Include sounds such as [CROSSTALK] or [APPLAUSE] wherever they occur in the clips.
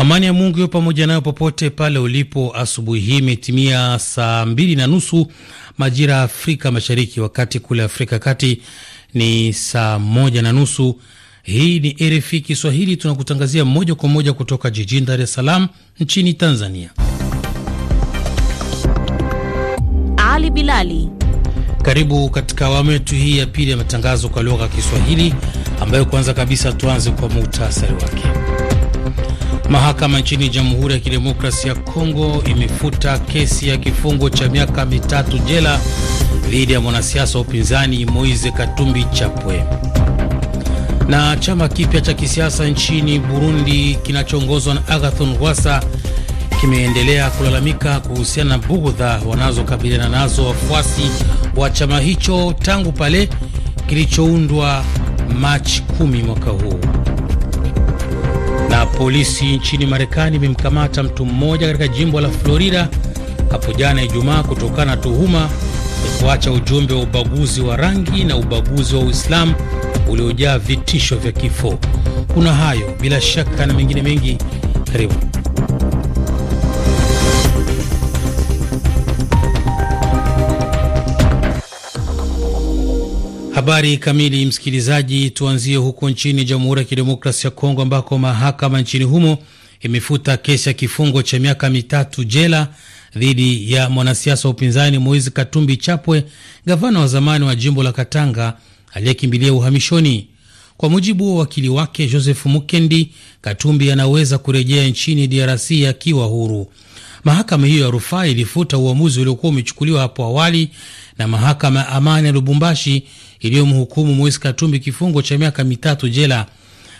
Amani ya Mungu iyo pamoja nayo popote pale ulipo. Asubuhi hii imetimia saa mbili na nusu majira ya Afrika Mashariki, wakati kule Afrika Kati ni saa moja na nusu. Hii ni RFI Kiswahili, tunakutangazia moja kwa moja kutoka jijini Dar es Salaam nchini Tanzania. Ali Bilali, karibu katika awamu yetu hii ya pili ya matangazo kwa lugha ya Kiswahili, ambayo kwanza kabisa tuanze kwa muhtasari wake. Mahakama nchini Jamhuri ya Kidemokrasia ya Kongo imefuta kesi ya kifungo cha miaka mitatu jela dhidi ya mwanasiasa wa upinzani Moise Katumbi Chapwe. Na chama kipya cha kisiasa nchini Burundi kinachoongozwa na Agathon Rwasa kimeendelea kulalamika kuhusiana na bughudha wanazokabiliana nazo wafuasi wa chama hicho tangu pale kilichoundwa Machi 10 mwaka huu polisi nchini Marekani imemkamata mtu mmoja katika jimbo la Florida hapo jana Ijumaa kutokana na tuhuma ya kuacha ujumbe wa ubaguzi wa rangi na ubaguzi wa Uislamu uliojaa vitisho vya kifo. Kuna hayo bila shaka na mengine mengi, karibu. Habari kamili, msikilizaji. Tuanzie huko nchini Jamhuri ya Kidemokrasi ya Kongo ambako mahakama nchini humo imefuta kesi ya kifungo cha miaka mitatu jela dhidi ya mwanasiasa wa upinzani Moizi Katumbi Chapwe, gavana wa zamani wa jimbo la Katanga aliyekimbilia uhamishoni. Kwa mujibu wa wakili wake Joseph Mukendi, Katumbi anaweza kurejea nchini DRC akiwa huru. Mahakama hiyo ya rufaa ilifuta uamuzi uliokuwa umechukuliwa hapo awali na mahakama ya amani ya Lubumbashi iliyomhukumu Moise Katumbi kifungo cha miaka mitatu jela.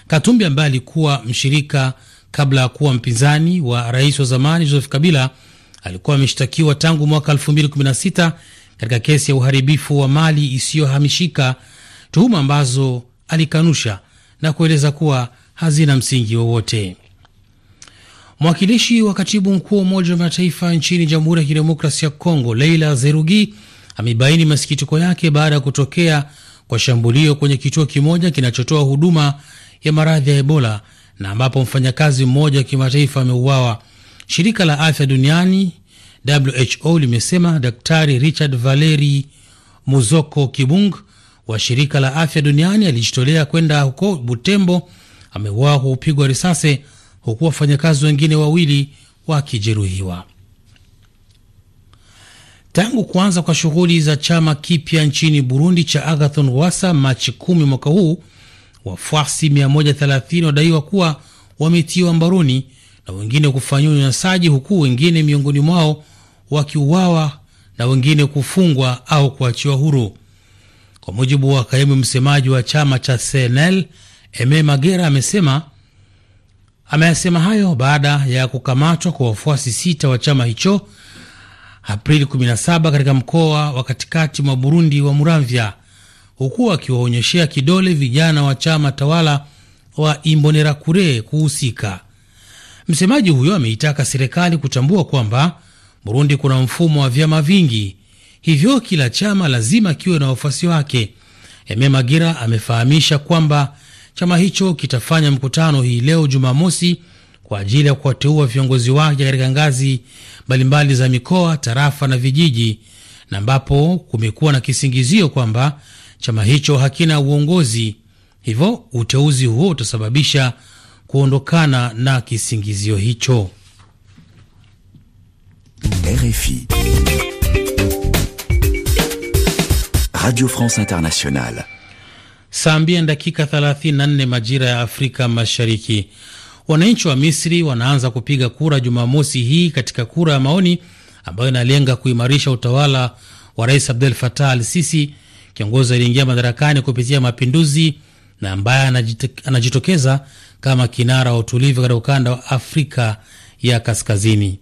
Katumbi ambaye alikuwa mshirika kabla ya kuwa mpinzani wa rais wa zamani Joseph Kabila alikuwa ameshtakiwa tangu mwaka 2016 katika kesi ya uharibifu wa mali isiyohamishika, tuhuma ambazo alikanusha na kueleza kuwa hazina msingi wowote. Mwakilishi wa katibu mkuu wa Umoja wa Mataifa nchini Jamhuri ya Kidemokrasia ya Kongo, Leila Zerugi, amebaini masikitiko yake baada ya kutokea kwa shambulio kwenye kituo kimoja kinachotoa huduma ya maradhi ya Ebola na ambapo mfanyakazi mmoja wa kimataifa ameuawa. Shirika la afya duniani WHO limesema Daktari Richard Valeri Muzoko Kibung wa shirika la afya duniani alijitolea kwenda huko Butembo, ameuawa kwa kupigwa risasi huku wafanyakazi wengine wawili wakijeruhiwa. Tangu kuanza kwa shughuli za chama kipya nchini Burundi cha Agathon Rwasa Machi 10 mwaka huu, wafuasi 130 wadaiwa kuwa wametiwa mbaroni na wengine kufanyiwa unyanyasaji, huku wengine miongoni mwao wakiuawa na wengine kufungwa au kuachiwa huru. Kwa mujibu wa kaimu msemaji wa chama cha CNL Eme Magera, amesema Ameyasema hayo baada ya kukamatwa kwa wafuasi sita wa chama hicho Aprili 17 katika mkoa wa katikati mwa Burundi wa Muramvya, huku akiwaonyeshea kidole vijana wa chama tawala wa Imbonerakure kuhusika. Msemaji huyo ameitaka serikali kutambua kwamba Burundi kuna mfumo wa vyama vingi, hivyo kila chama lazima kiwe na wafuasi wake. Eme amefahamisha kwamba Chama hicho kitafanya mkutano hii leo Jumamosi kwa ajili ya kuwateua viongozi wake katika ngazi mbalimbali za mikoa, tarafa na vijiji, na ambapo kumekuwa na kisingizio kwamba chama hicho hakina uongozi, hivyo uteuzi huo utasababisha kuondokana na kisingizio hicho. RFI Radio France Internationale saa mbili dakika 34 majira ya Afrika Mashariki. Wananchi wa Misri wanaanza kupiga kura Jumamosi hii katika kura ya maoni ambayo inalenga kuimarisha utawala wa Rais Abdel Fattah al Sisi, kiongozi aliingia madarakani kupitia mapinduzi na ambaye anajitokeza kama kinara wa utulivu katika ukanda wa Afrika ya Kaskazini.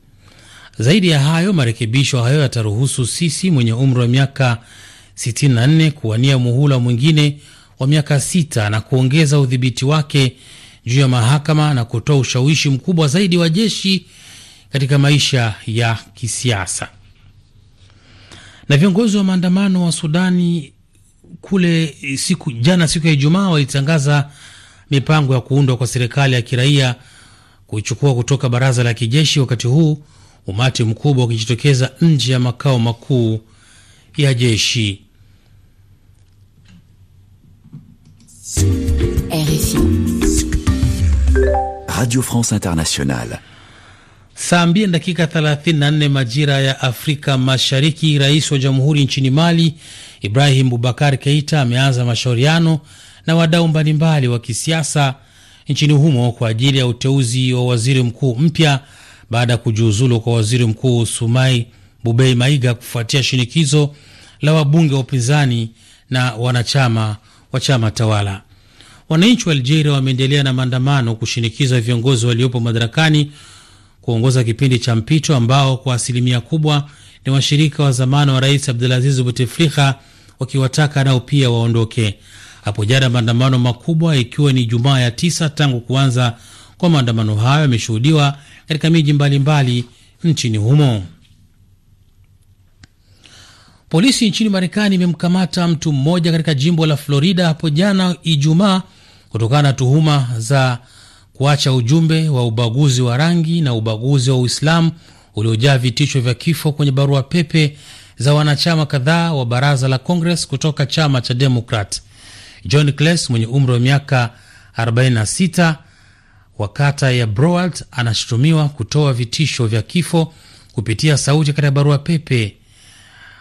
Zaidi ya hayo, marekebisho hayo yataruhusu Sisi mwenye umri wa miaka 64 kuwania muhula mwingine wa miaka sita na kuongeza udhibiti wake juu ya mahakama na kutoa ushawishi mkubwa zaidi wa jeshi katika maisha ya kisiasa. Na viongozi wa maandamano wa Sudani kule siku jana, siku ya Ijumaa, walitangaza mipango ya kuundwa kwa serikali ya kiraia kuichukua kutoka baraza la kijeshi, wakati huu umati mkubwa ukijitokeza nje ya makao makuu ya jeshi. RFI. Radio France Internationale. Saa mbili na dakika 34 majira ya Afrika Mashariki. Rais wa jamhuri nchini Mali Ibrahim Bubakar Keita ameanza mashauriano na wadau mbalimbali wa kisiasa nchini humo kwa ajili ya uteuzi wa waziri mkuu mpya baada ya kujiuzulu kwa waziri mkuu Sumai Bubei Maiga kufuatia shinikizo la wabunge wa upinzani na wanachama wa chama tawala. Wananchi wa Algeria wameendelea na maandamano kushinikiza viongozi waliopo madarakani kuongoza kipindi cha mpito ambao kwa asilimia kubwa ni washirika wa zamani wa Rais Abdulaziz Bouteflika, wakiwataka nao pia waondoke. Hapo jana maandamano makubwa ikiwa ni Jumaa ya tisa tangu kuanza kwa maandamano hayo yameshuhudiwa katika miji mbalimbali nchini humo. Polisi nchini Marekani imemkamata mtu mmoja katika jimbo la Florida hapo jana Ijumaa kutokana na tuhuma za kuacha ujumbe wa ubaguzi wa rangi na ubaguzi wa Uislamu uliojaa vitisho vya kifo kwenye barua pepe za wanachama kadhaa wa baraza la Congress kutoka chama cha Demokrat. John Cles mwenye umri wa miaka 46 wa kata ya Broward anashutumiwa kutoa vitisho vya kifo kupitia sauti katika barua pepe.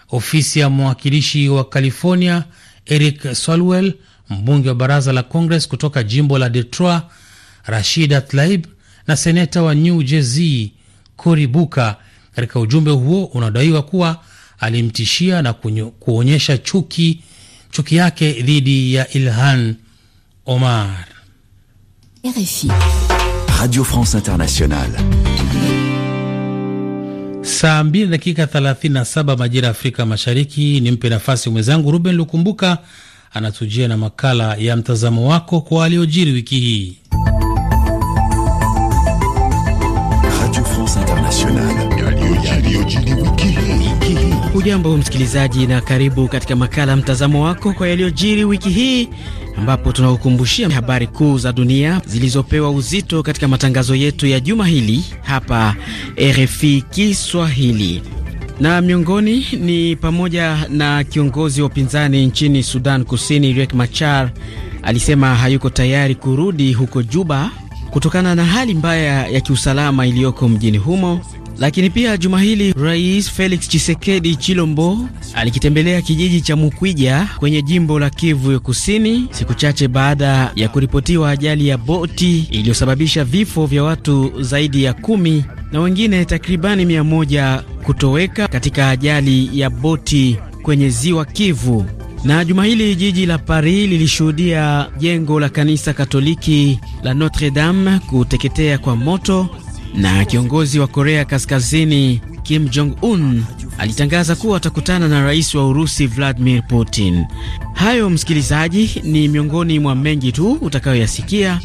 Ofisi ya mwakilishi wa California Eric Swalwell mbunge wa baraza la Congress kutoka jimbo la Detroit Rashida Tlaib na seneta wa New Jersey Cory Booker. Katika ujumbe huo unadaiwa kuwa alimtishia na kuonyesha chuki, chuki yake dhidi ya Ilhan Omar. RFI, Radio France Internationale. Saa 2 dakika 37 majira ya Afrika Mashariki. Nimpe nafasi mwenzangu Ruben Lukumbuka anatujia na makala ya mtazamo wako kwa waliojiri wiki hii. Radio France Internationale. msikilizaji, na karibu katika makala mtazamo wako kwa yaliyojiri wiki hii, ambapo tunakukumbushia habari kuu za dunia zilizopewa uzito katika matangazo yetu ya juma hili hapa RFI Kiswahili na miongoni ni pamoja na kiongozi wa upinzani nchini Sudan Kusini Riek Machar alisema hayuko tayari kurudi huko Juba kutokana na hali mbaya ya kiusalama iliyoko mjini humo lakini pia juma hili Rais Felix Chisekedi Chilombo alikitembelea kijiji cha Mukwija kwenye jimbo la Kivu ya Kusini, siku chache baada ya kuripotiwa ajali ya boti iliyosababisha vifo vya watu zaidi ya kumi na wengine takribani mia moja kutoweka katika ajali ya boti kwenye ziwa Kivu. Na juma hili jiji la Paris lilishuhudia jengo la kanisa Katoliki la Notre Dame kuteketea kwa moto na kiongozi wa Korea Kaskazini Kim Jong Un alitangaza kuwa atakutana na rais wa Urusi Vladimir Putin. Hayo msikilizaji, ni miongoni mwa mengi tu utakayoyasikia.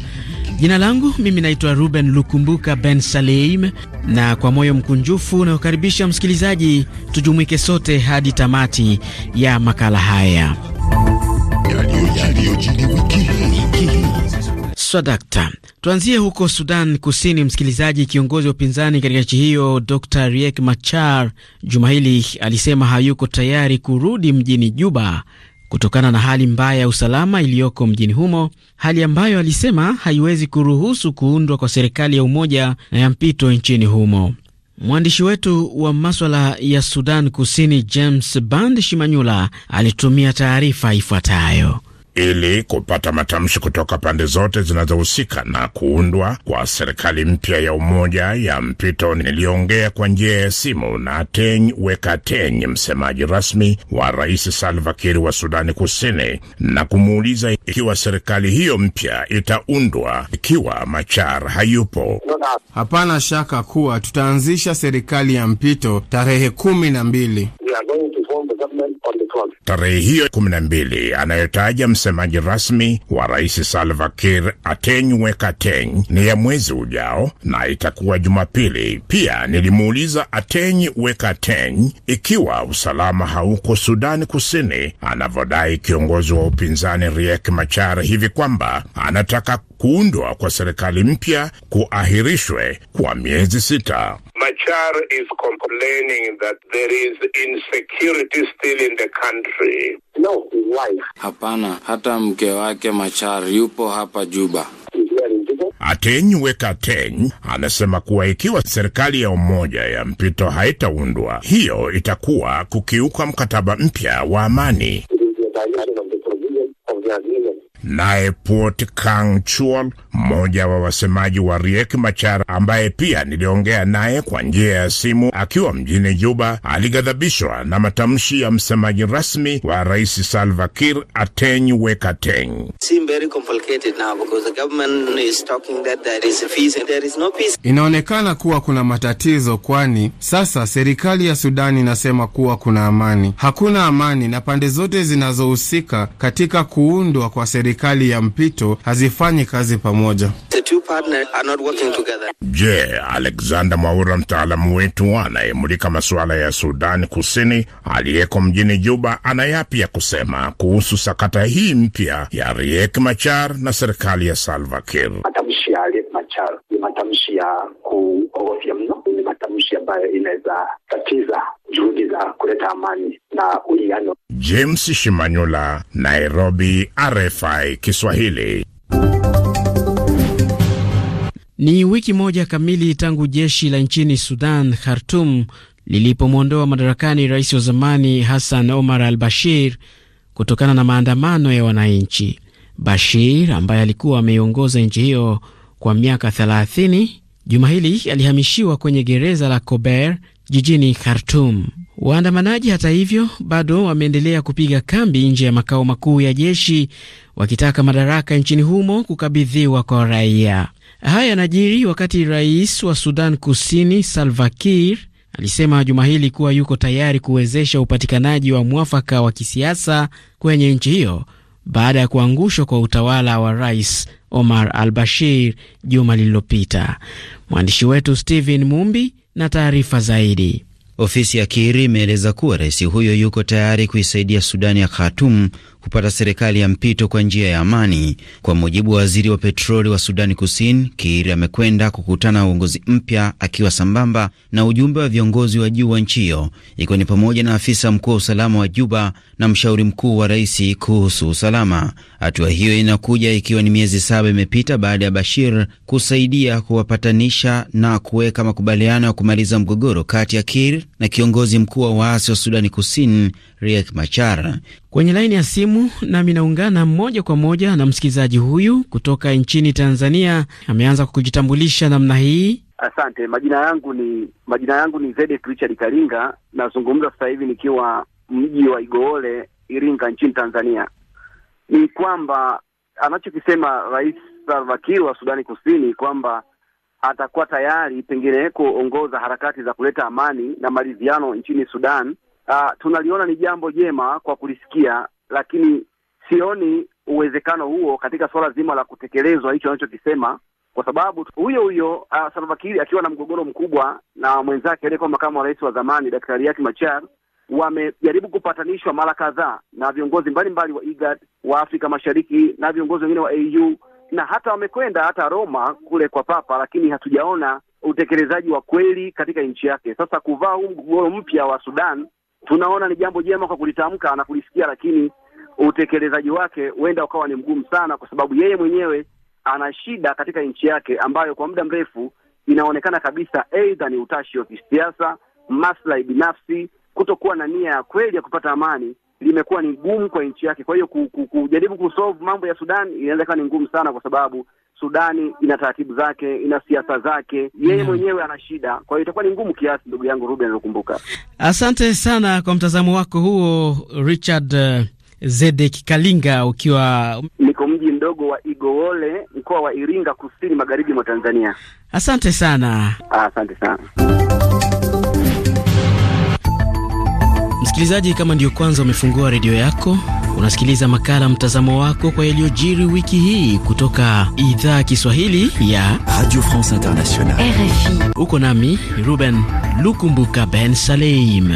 Jina langu mimi naitwa Ruben Lukumbuka Ben Saleim, na kwa moyo mkunjufu unayokaribisha msikilizaji, tujumuike sote hadi tamati ya makala haya yaliyojiri wiki hii dakta. tuanzie huko Sudan Kusini, msikilizaji. Kiongozi wa upinzani katika nchi hiyo Dr Riek Machar juma hili alisema hayuko tayari kurudi mjini Juba kutokana na hali mbaya ya usalama iliyoko mjini humo, hali ambayo alisema haiwezi kuruhusu kuundwa kwa serikali ya umoja na ya mpito nchini humo. Mwandishi wetu wa maswala ya Sudan Kusini James Band Shimanyula alitumia taarifa ifuatayo ili kupata matamshi kutoka pande zote zinazohusika na kuundwa kwa serikali mpya ya umoja ya mpito. Niliongea kwa njia ya simu na Weka Wekateny, msemaji rasmi wa Rais Salva Kiir wa Sudani Kusini, na kumuuliza ikiwa serikali hiyo mpya itaundwa ikiwa Machar hayupo. Hapana shaka kuwa tutaanzisha serikali ya mpito tarehe kumi na mbili tarehe hiyo kumi na mbili anayotaja msemaji rasmi wa rais Salva Kiir Atenywe Kateng ni ya mwezi ujao na itakuwa Jumapili. Pia nilimuuliza Atenywe Kateng ikiwa usalama hauko Sudani Kusini anavyodai kiongozi wa upinzani Riek Machar hivi kwamba anataka kuundwa kwa serikali mpya kuahirishwe kwa miezi sita. Machar is complaining that there is insecurity still in the country. No, Hapana, hata mke wake Machar yupo hapa Juba. Ateny Weka Ateny anasema kuwa ikiwa serikali ya umoja ya mpito haitaundwa, hiyo itakuwa kukiuka mkataba mpya wa amani. naipoot kang chuol Mmoja wa wasemaji wa Riek Machar ambaye pia niliongea naye kwa njia ya simu akiwa mjini Juba alighadhabishwa na matamshi ya msemaji rasmi wa Rais Salva Kiir Ateny Wekateny. Inaonekana kuwa kuna matatizo, kwani sasa serikali ya Sudani inasema kuwa kuna amani. Hakuna amani, na pande zote zinazohusika katika kuundwa kwa serikali ya mpito hazifanyi kazi pamoja pamoja. Je, Alexander Mwaura, mtaalamu wetu anayemulika masuala ya Sudani Kusini aliyeko mjini Juba, ana yapi ya kusema kuhusu sakata hii mpya ya Riek Machar na serikali ya Salva Kiir? Matamshi ya Riek Machar ni matamshi ya kuogofya mno, ni matamshi ambayo inaweza tatiza juhudi za kuleta amani na uwiano. James Shimanyula, Nairobi, RFI Kiswahili. Ni wiki moja kamili tangu jeshi la nchini Sudan, Khartum, lilipomwondoa madarakani rais wa zamani Hassan Omar al Bashir kutokana na maandamano ya wananchi. Bashir ambaye alikuwa ameiongoza nchi hiyo kwa miaka 30 juma hili alihamishiwa kwenye gereza la Kober jijini Khartum. Waandamanaji hata hivyo bado wameendelea kupiga kambi nje ya makao makuu ya jeshi wakitaka madaraka nchini humo kukabidhiwa kwa raia. Haya yanajiri wakati rais wa Sudan Kusini Salva Kiir alisema juma hili kuwa yuko tayari kuwezesha upatikanaji wa mwafaka wa kisiasa kwenye nchi hiyo baada ya kuangushwa kwa utawala wa rais Omar al Bashir juma lililopita. Mwandishi wetu Stephen Mumbi na taarifa zaidi. Ofisi ya Kiir imeeleza kuwa rais huyo yuko tayari kuisaidia Sudani ya Khartoum kupata serikali ya mpito kwa njia ya amani. Kwa mujibu wa waziri wa petroli wa Sudani Kusini, Kiir amekwenda kukutana na uongozi mpya akiwa sambamba na ujumbe wa viongozi wa juu wa nchi hiyo, ikiwa ni pamoja na afisa mkuu wa usalama wa Juba na mshauri mkuu wa rais kuhusu usalama. Hatua hiyo inakuja ikiwa ni miezi saba imepita baada ya Bashir kusaidia kuwapatanisha na kuweka makubaliano ya kumaliza mgogoro kati ya Kiir na kiongozi mkuu wa waasi wa Sudani Kusini Riek Machar. Kwenye laini ya simu nami naungana moja kwa moja na msikilizaji huyu kutoka nchini Tanzania, ameanza kujitambulisha namna hii. Asante, majina yangu ni majina yangu ni Zedek Richard Karinga, nazungumza sasa hivi nikiwa mji wa Igoole, Iringa, nchini Tanzania. Ni kwamba anachokisema Rais Salva Kiir wa Sudani Kusini kwamba atakuwa tayari pengine kuongoza harakati za kuleta amani na maridhiano nchini Sudan uh, tunaliona ni jambo jema kwa kulisikia, lakini sioni uwezekano huo katika suala zima la kutekelezwa hicho anachokisema, kwa sababu huyo huyo uh, Salva Kiir akiwa na mgogoro mkubwa na mwenzake aliyekuwa makamu wa rais wa zamani Daktari Riek Machar wamejaribu kupatanishwa mara kadhaa na viongozi mbalimbali wa IGAD wa Afrika Mashariki na viongozi wengine wa AU na hata wamekwenda hata Roma kule kwa Papa, lakini hatujaona utekelezaji wa kweli katika nchi yake. Sasa kuvaa huu mgogoro mpya wa Sudan tunaona ni jambo jema kwa kulitamka na kulisikia, lakini utekelezaji wake huenda ukawa ni mgumu sana, kwa sababu yeye mwenyewe ana shida katika nchi yake ambayo kwa muda mrefu inaonekana kabisa, aidha ni utashi wa kisiasa, maslahi binafsi, kutokuwa na nia ya kweli ya kupata amani limekuwa ni gumu kwa nchi yake. Kwa hiyo kujaribu kusolve mambo ya Sudan inaweza ikawa ni ngumu sana, kwa sababu Sudani ina taratibu zake, ina siasa zake, yeye mm. mwenyewe ana shida. Kwa hiyo itakuwa ni ngumu kiasi, ndugu yangu Ruben Lukumbuka. Asante sana kwa mtazamo wako huo, Richard eh, Zedek Kalinga, ukiwa niko mji mdogo wa Igowole, mkoa wa Iringa, kusini magharibi mwa Tanzania. Asante sana, asante sana. Msikilizaji, kama ndiyo kwanza umefungua redio yako Unasikiliza makala mtazamo wako kwa yaliyojiri wiki hii kutoka idhaa Kiswahili ya Radio France Internationale RFI. Uko nami Ruben Lukumbuka Ben Saleim.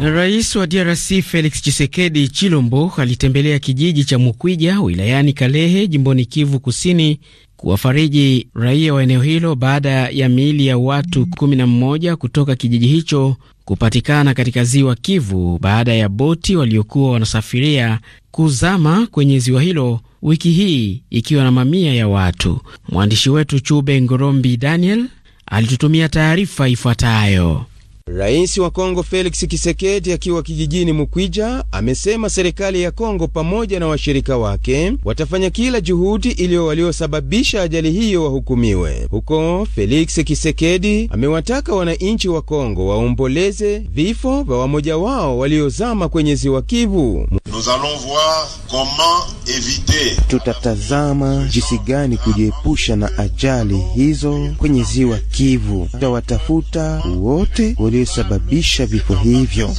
Rais wa DRC Felix Tshisekedi Chilombo alitembelea kijiji cha Mukwija wilayani Kalehe jimboni Kivu Kusini kuwafariji raia wa eneo hilo baada ya miili ya watu 11 kutoka kijiji hicho kupatikana katika ziwa Kivu baada ya boti waliokuwa wanasafiria kuzama kwenye ziwa hilo wiki hii ikiwa na mamia ya watu. Mwandishi wetu Chube Ngorombi Daniel alitutumia taarifa ifuatayo. Rais wa Kongo Felix Tshisekedi akiwa kijijini Mukwija amesema serikali ya Kongo pamoja na washirika wake watafanya kila juhudi ili waliosababisha ajali hiyo wahukumiwe. Huko Felix Tshisekedi amewataka wananchi wa Kongo waomboleze vifo vya wamoja wao waliozama kwenye ziwa Kivu. Tutatazama jinsi gani kujiepusha na ajali hizo kwenye ziwa Kivu. Tutawatafuta wote waliosababisha vifo hivyo.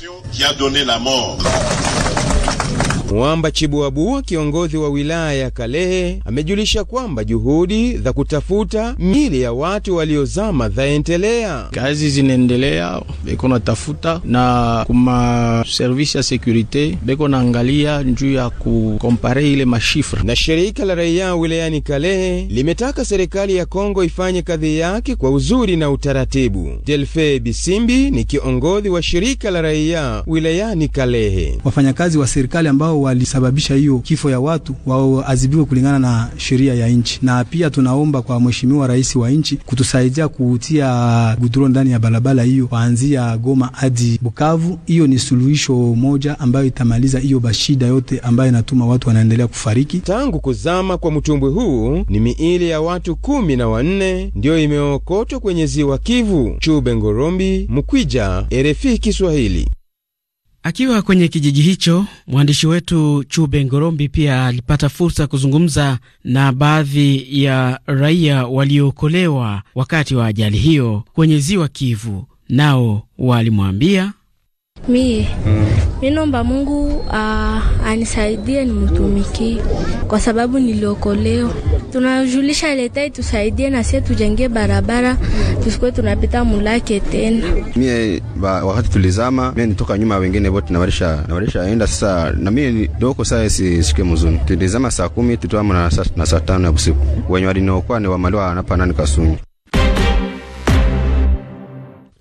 Mwamba Chibuabua, kiongozi wa wilaya ya Kalehe, amejulisha kwamba juhudi za kutafuta miili ya watu waliozama zaendelea. Kazi zinaendelea, beko natafuta na kuma service ya sekurite beko naangalia juu ya kukompare ile mashifra. Na shirika la raia wilayani Kalehe limetaka serikali ya Kongo ifanye kazi yake kwa uzuri na utaratibu. Delfe Bisimbi ni kiongozi wa shirika la raia wilayani Kalehe. Wafanyakazi wa serikali ambao ambao walisababisha hiyo kifo ya watu waadhibiwe kulingana na sheria ya nchi. Na pia tunaomba kwa mheshimiwa rais wa nchi kutusaidia kutia guduro ndani ya barabara hiyo kuanzia Goma hadi Bukavu. Hiyo ni suluhisho moja ambayo itamaliza hiyo bashida yote ambayo inatuma watu wanaendelea kufariki. Tangu kuzama kwa mtumbwi huu ni miili ya watu kumi na wanne ndiyo imeokotwa kwenye ziwa Kivu. Chube Ngorombi, Mkwija, RFI Kiswahili. Akiwa kwenye kijiji hicho, mwandishi wetu Chube Ngorombi pia alipata fursa ya kuzungumza na baadhi ya raia waliookolewa wakati wa ajali hiyo kwenye ziwa Kivu, nao walimwambia mie hmm. Minomba Mungu uh, anisaidie nimtumikie, kwa sababu niliokolewa. Tunajulisha leta tusaidie na sie tujenge barabara, tusikuwe tunapita mulake tena. Mie ba, wakati tulizama mie nitoka nyuma, wengine wote nawarisha nawarisha enda sasa, na mie doko saa si shike mzuni. Tulizama saa kumi tutuama na saa tano ya usiku, wenye waliniokoa ni wamaliwa napa nani kasuni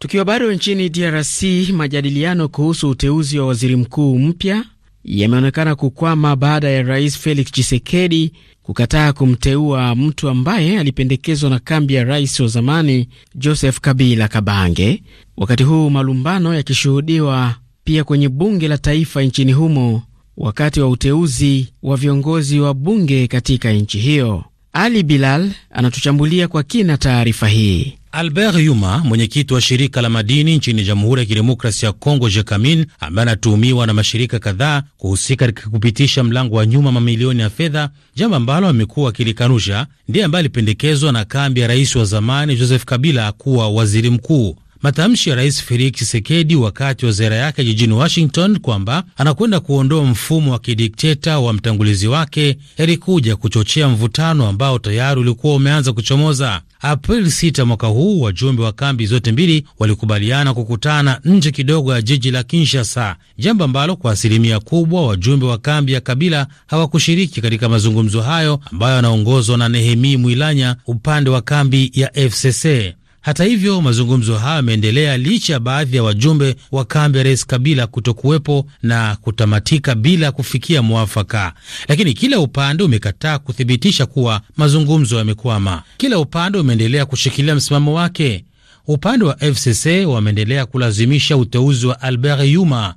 Tukiwa bado nchini DRC, majadiliano kuhusu uteuzi wa waziri mkuu mpya yameonekana kukwama baada ya rais Felix Tshisekedi kukataa kumteua mtu ambaye alipendekezwa na kambi ya rais wa zamani Joseph Kabila Kabange, wakati huu malumbano yakishuhudiwa pia kwenye bunge la taifa nchini humo wakati wa uteuzi wa viongozi wa bunge katika nchi hiyo. Ali Bilal anatuchambulia kwa kina taarifa hii. Albert Yuma, mwenyekiti wa shirika la madini nchini Jamhuri ya kidemokrasi ya Kongo, JECAMIN, ambaye anatuhumiwa na mashirika kadhaa kuhusika katika kupitisha mlango wa nyuma mamilioni ya fedha, jambo ambalo amekuwa akilikanusha, ndiye ambaye alipendekezwa na kambi ya rais wa zamani Joseph Kabila kuwa waziri mkuu. Matamshi ya Rais Felix chisekedi wakati wa ziara yake jijini Washington kwamba anakwenda kuondoa mfumo wa kidikteta wa mtangulizi wake yalikuja kuchochea mvutano ambao tayari ulikuwa umeanza kuchomoza. Aprili 6 mwaka huu, wajumbe wa kambi zote mbili walikubaliana kukutana nje kidogo ya jiji la Kinshasa, jambo ambalo kwa asilimia kubwa wajumbe wa kambi ya Kabila hawakushiriki katika mazungumzo hayo ambayo yanaongozwa na Nehemi Mwilanya upande wa kambi ya FCC. Hata hivyo, mazungumzo hayo yameendelea licha ya baadhi ya wajumbe wa kambi ya Rais Kabila kutokuwepo na kutamatika bila kufikia mwafaka, lakini kila upande umekataa kuthibitisha kuwa mazungumzo yamekwama. Kila upande umeendelea kushikilia msimamo wake. Upande wa FCC wameendelea kulazimisha uteuzi wa Albert Yuma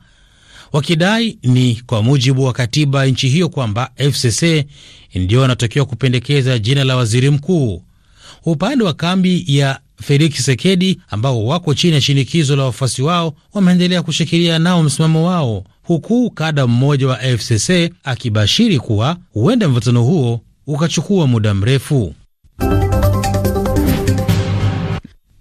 wakidai ni kwa mujibu wa katiba nchi hiyo kwamba FCC ndio wanatakiwa kupendekeza jina la waziri mkuu. Upande wa kambi ya Felix Sekedi ambao wako chini ya shinikizo la wafuasi wao wameendelea kushikilia nao msimamo wao, huku kada mmoja wa FCC akibashiri kuwa huenda mvutano huo ukachukua muda mrefu.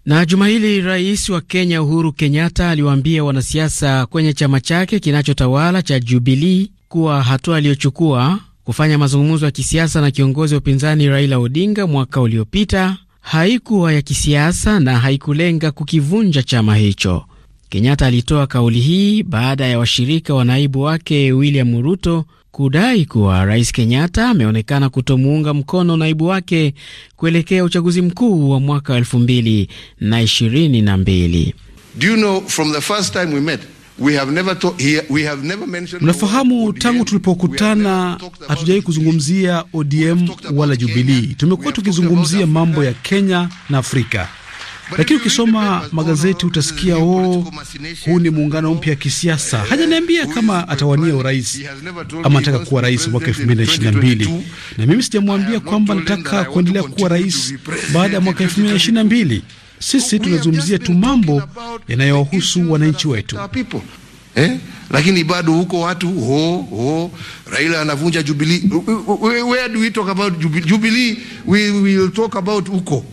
Na juma hili rais wa Kenya Uhuru Kenyatta aliwaambia wanasiasa kwenye chama chake kinachotawala cha Jubilee kuwa hatua aliyochukua kufanya mazungumzo ya kisiasa na kiongozi wa upinzani Raila Odinga mwaka uliopita haikuwa ya kisiasa na haikulenga kukivunja chama hicho. Kenyatta alitoa kauli hii baada ya washirika wa naibu wake William Ruto kudai kuwa Rais Kenyatta ameonekana kutomuunga mkono naibu wake kuelekea uchaguzi mkuu wa mwaka 2022. Mnafahamu, tangu tulipokutana hatujawahi kuzungumzia ODM wala Jubilii. Tumekuwa tukizungumzia mambo ya Kenya na Afrika, lakini ukisoma magazeti utasikia o, oh, huu ni muungano mpya wa kisiasa. Hajaniambia kama atawania urais ama nataka kuwa rais mwaka mbili na mimi sijamwambia kwamba nataka kuendelea kuwa rais baada ya mwaka mbili. Sisi tunazungumzia tu mambo yanayohusu wananchi wetu eh? Lakini bado huko watu ho ho, Raila anavunja Jubilee. Where do we talk about Jubilee? We will talk about huko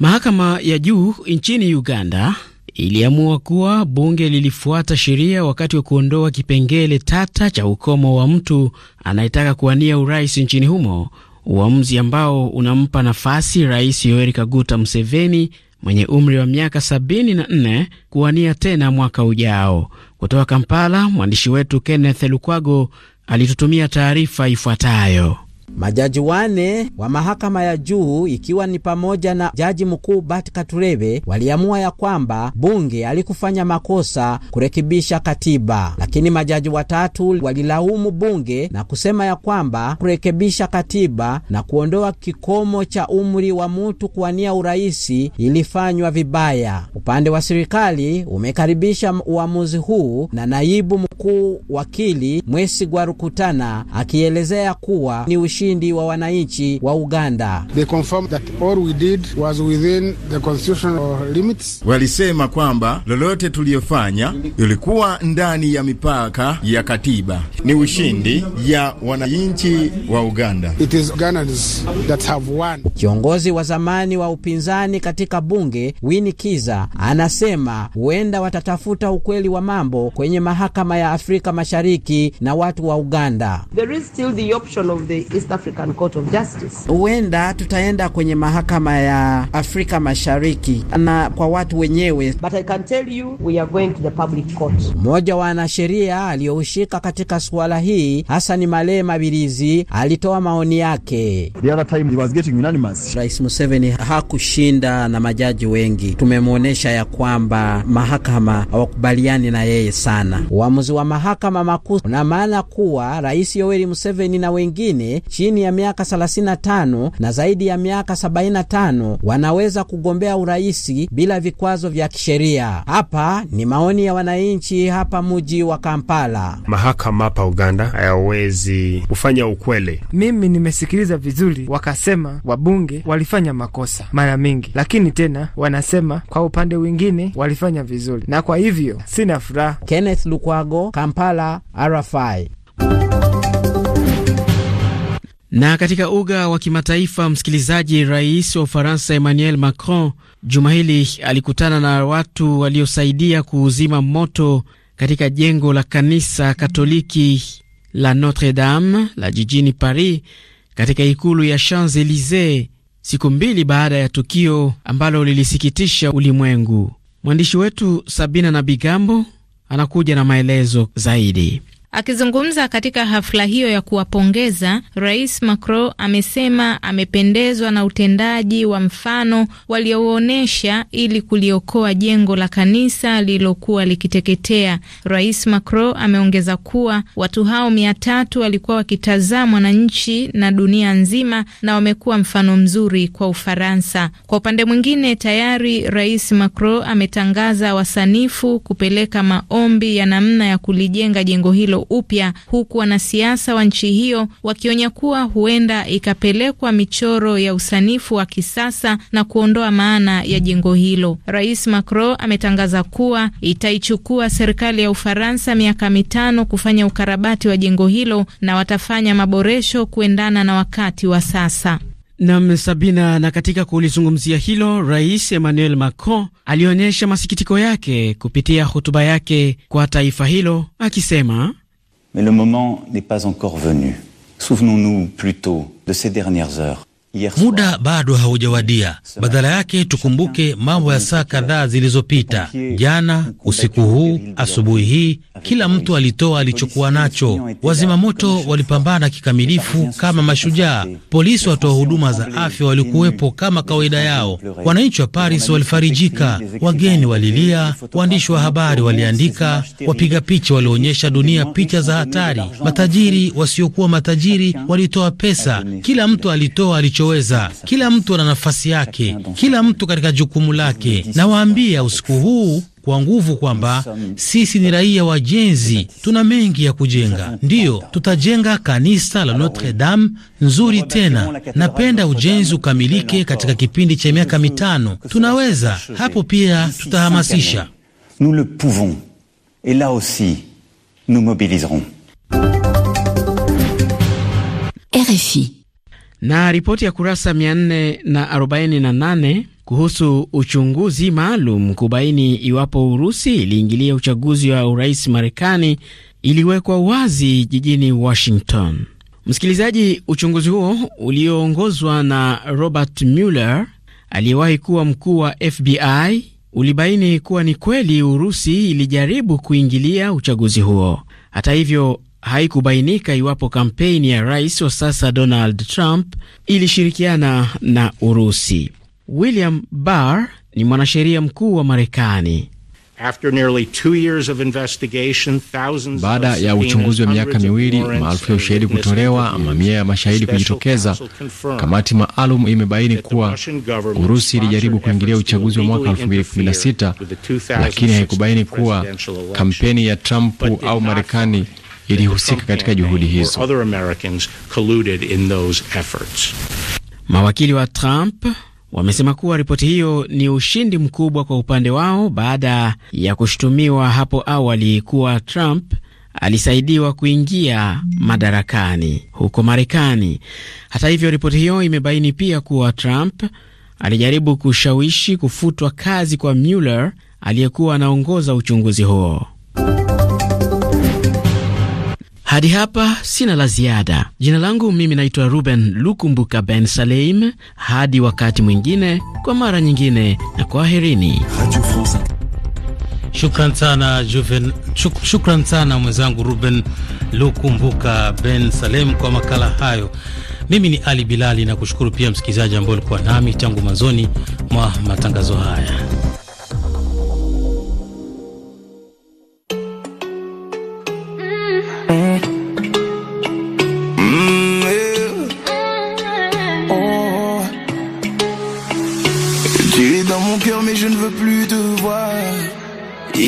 Mahakama ya juu nchini Uganda iliamua kuwa bunge lilifuata sheria wakati wa kuondoa kipengele tata cha ukomo wa mtu anayetaka kuwania urais nchini humo uamuzi ambao unampa nafasi Rais Yoweri Kaguta Museveni mwenye umri wa miaka 74 kuwania tena mwaka ujao. Kutoka Kampala, mwandishi wetu Kenneth Lukwago alitutumia taarifa ifuatayo. Majaji wane wa mahakama ya juu ikiwa ni pamoja na jaji mkuu bat Katurebe waliamua ya kwamba bunge alikufanya makosa kurekebisha katiba, lakini majaji watatu walilaumu bunge na kusema ya kwamba kurekebisha katiba na kuondoa kikomo cha umri wa mtu kuwania uraisi ilifanywa vibaya. Upande wa serikali umekaribisha uamuzi huu, na naibu mkuu wakili Mwesigwa Rukutana akielezea kuwa ni ushi ushindi wa wananchi wa Uganda. They confirmed that all we did was within the constitutional limits. Walisema kwamba lolote tuliyofanya ilikuwa ndani ya mipaka ya katiba. Ni ushindi ya wananchi wa Uganda. It is Ugandans that have won. Kiongozi wa zamani wa upinzani katika bunge Winnie Kiza anasema huenda watatafuta ukweli wa mambo kwenye mahakama ya Afrika Mashariki na watu wa Uganda. There is still the option of the East African Court of Justice. Huenda tutaenda kwenye mahakama ya Afrika Mashariki na kwa watu wenyewe. But I can tell you we are going to the public court. Mmoja wa wanasheria aliyoushika katika suala hii Hassan Male Mabilizi alitoa maoni yake. The other time he was getting unanimous. Rais Museveni hakushinda na majaji wengi, tumemwonyesha ya kwamba mahakama hawakubaliani na yeye sana. Uamuzi wa mahakama makuu una maana kuwa Rais Yoweri Museveni na wengine chini ya miaka 35 na zaidi ya miaka 75 wanaweza kugombea uraisi bila vikwazo vya kisheria. Hapa ni maoni ya wananchi hapa muji wa Kampala. Mahakama hapa Uganda hayawezi kufanya ukweli. Mimi nimesikiliza vizuri, wakasema wabunge walifanya makosa mara mingi, lakini tena wanasema kwa upande wingine walifanya vizuri, na kwa hivyo sina furaha. Kenneth Lukwago, Kampala, RFI. Na katika uga wa kimataifa, msikilizaji, rais wa Ufaransa Emmanuel Macron juma hili alikutana na watu waliosaidia kuuzima moto katika jengo la kanisa Katoliki la Notre Dame la jijini Paris katika ikulu ya Champs Elysee siku mbili baada ya tukio ambalo lilisikitisha ulimwengu. Mwandishi wetu Sabina Nabigambo anakuja na maelezo zaidi. Akizungumza katika hafla hiyo ya kuwapongeza, Rais Macron amesema amependezwa na utendaji wa mfano waliouonyesha ili kuliokoa jengo la kanisa lililokuwa likiteketea. Rais Macron ameongeza kuwa watu hao mia tatu walikuwa wakitazamwa na nchi na dunia nzima na wamekuwa mfano mzuri kwa Ufaransa. Kwa upande mwingine, tayari Rais Macron ametangaza wasanifu kupeleka maombi ya namna ya kulijenga jengo hilo upya, huku wanasiasa wa nchi hiyo wakionya kuwa huenda ikapelekwa michoro ya usanifu wa kisasa na kuondoa maana ya jengo hilo. Rais Macron ametangaza kuwa itaichukua serikali ya Ufaransa miaka mitano kufanya ukarabati wa jengo hilo na watafanya maboresho kuendana na wakati wa sasa. Nam Sabina. Na katika kulizungumzia hilo, Rais Emmanuel Macron alionyesha masikitiko yake kupitia hotuba yake kwa taifa hilo akisema Mais le moment n'est pas encore venu. Souvenons-nous plutôt de ces dernières heures Muda bado haujawadia. Badala yake tukumbuke mambo ya saa kadhaa zilizopita, jana usiku huu, asubuhi hii, kila mtu alitoa alichokuwa nacho. Wazima moto walipambana kikamilifu kama mashujaa, polisi, watoa huduma za afya walikuwepo kama kawaida yao, wananchi wa Paris walifarijika, wageni walilia, waandishi wa habari waliandika, wapiga picha walionyesha dunia picha za hatari, matajiri wasiokuwa matajiri walitoa pesa, kila mtu alitoa alicho anachoweza. Kila mtu ana nafasi yake, kila mtu katika jukumu lake. Nawaambia usiku huu kwa nguvu kwamba sisi ni raia wajenzi, tuna mengi ya kujenga. Ndiyo, tutajenga kanisa la Notre Dame nzuri tena. Napenda ujenzi ukamilike katika kipindi cha miaka mitano. Tunaweza hapo, pia tutahamasisha. RFI na ripoti ya kurasa 448 kuhusu uchunguzi maalum kubaini iwapo Urusi iliingilia uchaguzi wa urais Marekani iliwekwa wazi jijini Washington. Msikilizaji, uchunguzi huo ulioongozwa na Robert Mueller aliyewahi kuwa mkuu wa FBI ulibaini kuwa ni kweli Urusi ilijaribu kuingilia uchaguzi huo. Hata hivyo, haikubainika iwapo kampeni ya rais wa sasa Donald Trump ilishirikiana na Urusi. William Barr ni mwanasheria mkuu wa Marekani. Baada ya uchunguzi wa miaka miwili, maelfu ya ushahidi kutolewa, mamia ya mashahidi kujitokeza, kamati maalum imebaini kuwa Urusi ilijaribu kuingilia uchaguzi wa mwaka 2016 lakini haikubaini kuwa kampeni ya Trump au Marekani ilihusika katika juhudi hizo. Mawakili wa Trump wamesema kuwa ripoti hiyo ni ushindi mkubwa kwa upande wao baada ya kushutumiwa hapo awali kuwa Trump alisaidiwa kuingia madarakani huko Marekani. Hata hivyo, ripoti hiyo imebaini pia kuwa Trump alijaribu kushawishi kufutwa kazi kwa Mueller aliyekuwa anaongoza uchunguzi huo. Hadi hapa sina la ziada. Jina langu mimi naitwa Ruben Lukumbuka Ben Saleim. Hadi wakati mwingine, kwa mara nyingine, na kwaherini. Shukran sana Juven, shuk, shukran sana mwenzangu Ruben Lukumbuka Ben Salem kwa makala hayo. Mimi ni Ali Bilali na kushukuru pia msikilizaji ambaye ulikuwa nami tangu mwanzoni mwa matangazo haya.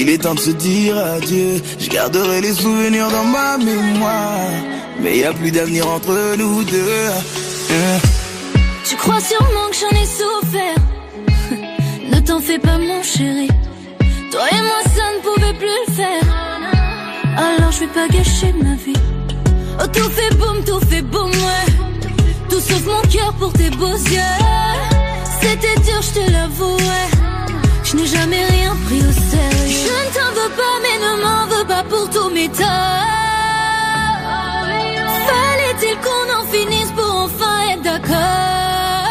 Il est temps de se dire adieu. Je garderai les souvenirs dans ma mémoire. Mais y a plus d'avenir entre nous deux. Tu crois sûrement que j'en ai souffert. [LAUGHS] ne t'en fais pas, mon chéri. Toi et moi, ça ne pouvait plus le faire. Alors je vais pas gâcher ma vie. Oh, tout fait boum, tout fait boum, ouais. Tout sauf mon cœur pour tes beaux yeux. C'était dur, je te l'avoue, je n'ai jamais rien pris au sérieux. Je ne t'en veux pas, mais ne m'en veux pas pour tous mes torts. Fallait-il qu'on en finisse pour enfin être d'accord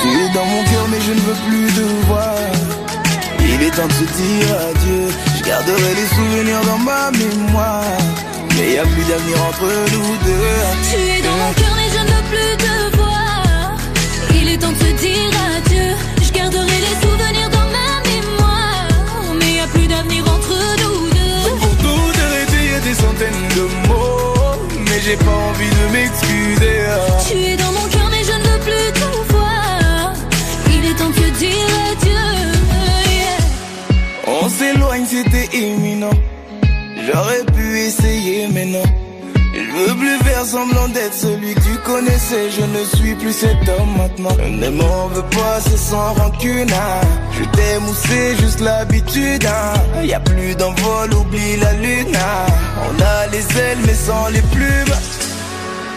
Tu es dans mon cœur, mais je ne veux plus te voir. Il est temps de se dire adieu. Je garderai les souvenirs dans ma mémoire. Mais y a plus d'avenir entre nous deux. Tu es dans mon cœur, mais je ne veux plus te voir. Il est temps de se dire adieu. Je garderai les souvenirs. j'ai pas envie de m'excuser. Hein. Tu es dans mon cœur. semblant d'être celui que tu connaissais Je ne suis plus cet homme maintenant Ne m'en veux pas, c'est sans rancune hein. Je t'aime ou c'est juste l'habitude Y'a hein. Y a plus d'envol, oublie la lune hein. On a les ailes mais sans les plumes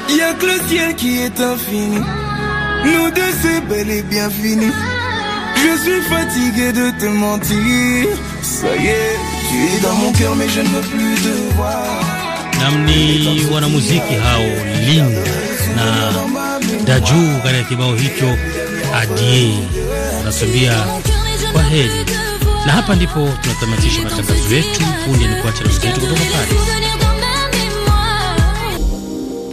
Y a que le ciel qui est infini Nous deux c'est bel et bien fini Je suis fatigué de te mentir Ça y est, tu es dans mon cœur mais je ne veux plus te voir namni wanamuziki hao Lin na Daju katika kibao hicho adie anasambia kwa heri, na hapa ndipo tunatamatisha matangazo yetu. Punde ni kuacha na kutoka Paris.